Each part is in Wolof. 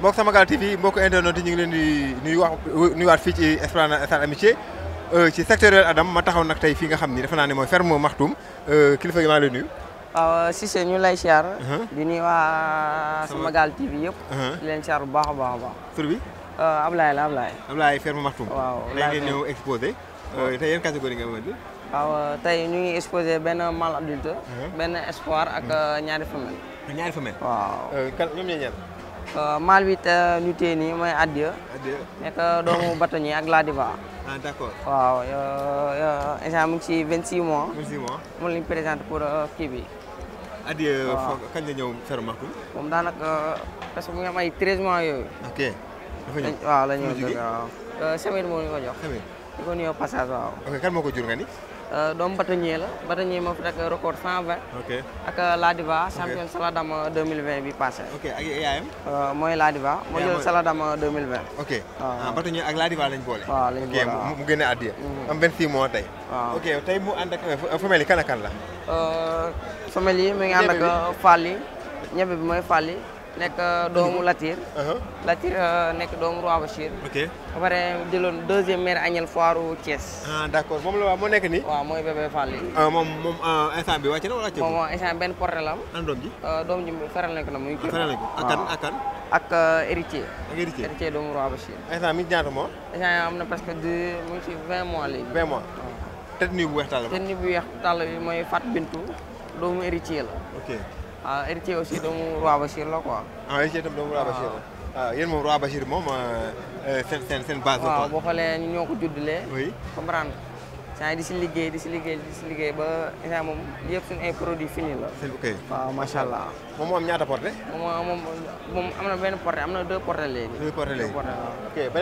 mbokk Samagal TV mbokk internet yi ñu ngi leen di nuyu wax nuyuwaat fii ci Esplanade Stade Amitié euh, ci sectoriel Adam ma taxaw nag tey fii nga xam ni dafa naa ne mooy ferme Maxtum euh, kilifa gi maa ngi lay waaw Cissé ñu lay siyaar. Uh-huh. di nuyu waa Samagal TV yëpp. Uh-huh. di leen siyaar bu baax a baax a baax. tur bi. Uh, Ablaye la Ablaye. Ablaye Ferme Maxtum. waaw laaj ngeen ñëw exposé. Uh, tey yan catégorie nga amal. waaw uh, tey ñu ngi exposé benn mâle adulte. Uh-huh. benn espoir ak ñaari femelle. ñaari femelle. waaw kan ñoom ñu téye nii mooy Adia. Adia nekk doomu bâtonnier ak Ladiva. ah d'accord waaw euh, euh, instant mu ngi ci 26 mois. 26 mois moom la ñu présenté pour euh, kii bi. adie foo kañ la ñëw Ferro Makoum. daanaka parce que mu ngi am ay 13 yo yooyu. ok dafa ñëw waaw la ñu. waaw semaine moo ñu ko jox. semaine di ko nuyoo passage waaw. ok kan moo ko jur nga ni. Euh, doom bâtonnier la bâtonnier moo fi rek record 120. ok ak euh, Ladiva champion Saladam 2020 euh, bi passé. ok ak yaayam. mooy Ladiva moo jël Saladam 2020. ok ah bâtonnier ak Ladiva lañ boole. waaw lañ boole waaw mu génne addiya. Mm-hmm. am 26 mois tey. waaw ok tey mu ànd ak famille yi la. famille yi mi ngi ànd ak Fall yi ñebe bi mooy Fall nekk euh, doomu Latir. Uh-huh. Latir euh, nekk doomu Roi Bachir. ok ba pare jëloon deuxième maire agnel foiru Thiès. ah d' moom la waaw moo nekk nii. waaw mooy bébé Fall yi. Ah, moom moom ah, instant bi wàcc na wala. moom moom instant benn porté la am. an doom ji. Euh, doom ji mu ngi. feral nañ ko ak kan ak kan. ak héritier. ak héritier héritier doomu Roi am na presque deux mu ngi ci vingt mois léegi. vingt mois waaw. nii bu weex tàll bi. weex tàll mooy Fat Bintu doomu héritier la. ah héritier aussi doomu Roi Bachir la quoi. ah héritier tam doomu Roi Bachir la. waaw yéen Roi Bachir moom seen seen seen base la. waaw boo xoolee ñun ñoo oui comprendre saa di si liggéey di si liggéey di si liggéey ba instant moom yëpp suñu ay produits fini la. seen ok waaw macha allah. moom moo ñaata portée. moom moom moom am na benn portée deux portées léegi. deux ok ba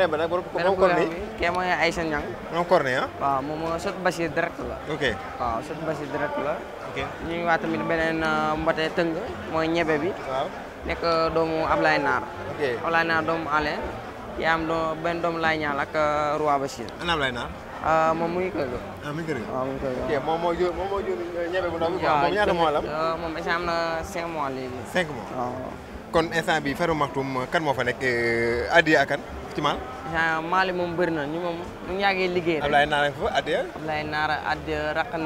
Aïcha ah. waaw moom eh? ya? ah, sot direct la. ok ah, waaw sot Bachir direct la ok ñu ngi waat tamit beneen mbote tëng mooy ñebe bi. waaw doomu Ablaye Naar. ok Ablaye Naar doomu Alain. yaa am do benn doomu Laye Niall ak Roi Bachir. ana Ablaye Naar. moom muy kër ah muy muy ok bu ndaw am. na 5 mois 5 mois kon instant bi kan moo fa nekk addiya ak ci maal. waaw maal yi moom ñu moom ñu liggéey fa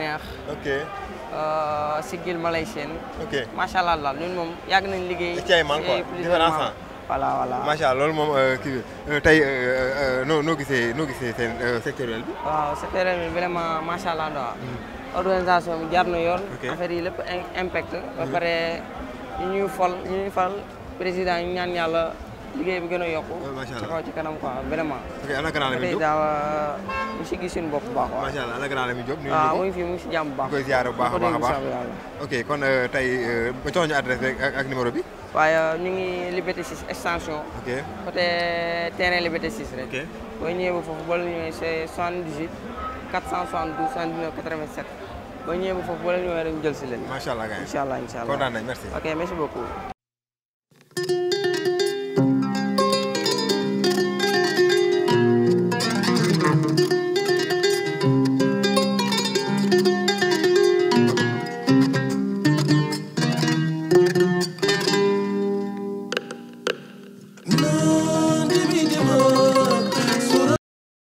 neex. ok. Euh, Sigil Malaysienne. ok macha allah ñun moom yàgg nañ liggéey. ci ay man quoi différence ah. voilà voilà macha allah loolu moom euh, kii bi euh, tey noo noo noo gisee seen sectoriel bi. waaw sectoriel bi vraiment macha allah daal. Mm-hmm. organisation bi jaar na yoon. yi lépp impact. ba mm-hmm. pare ñu ñuy fal ñu ñuy fal liggéey bi gën a yokku. macha allah ci kaw ci kanam quoi ana grand Lamine Diop mu euh, si gis suñu bopp bu baax. macha allah ana grand Lamine Diop ah, nuyu mu si jàmm bu baax. ñu koy ziare bu baax a baax a baax ok kon euh, tey euh, ba jox ñu adresse ak numéro bi. waaye ñu ngi Liberté 6 extension. ok côté terrain Liberté 6 rek. ok boo ñëwee ba foofu boo ñëwee c'est 78 472 79 87. foofu boo leen rek ñu jël si leen. macha allah kay incha allah incha merci. ok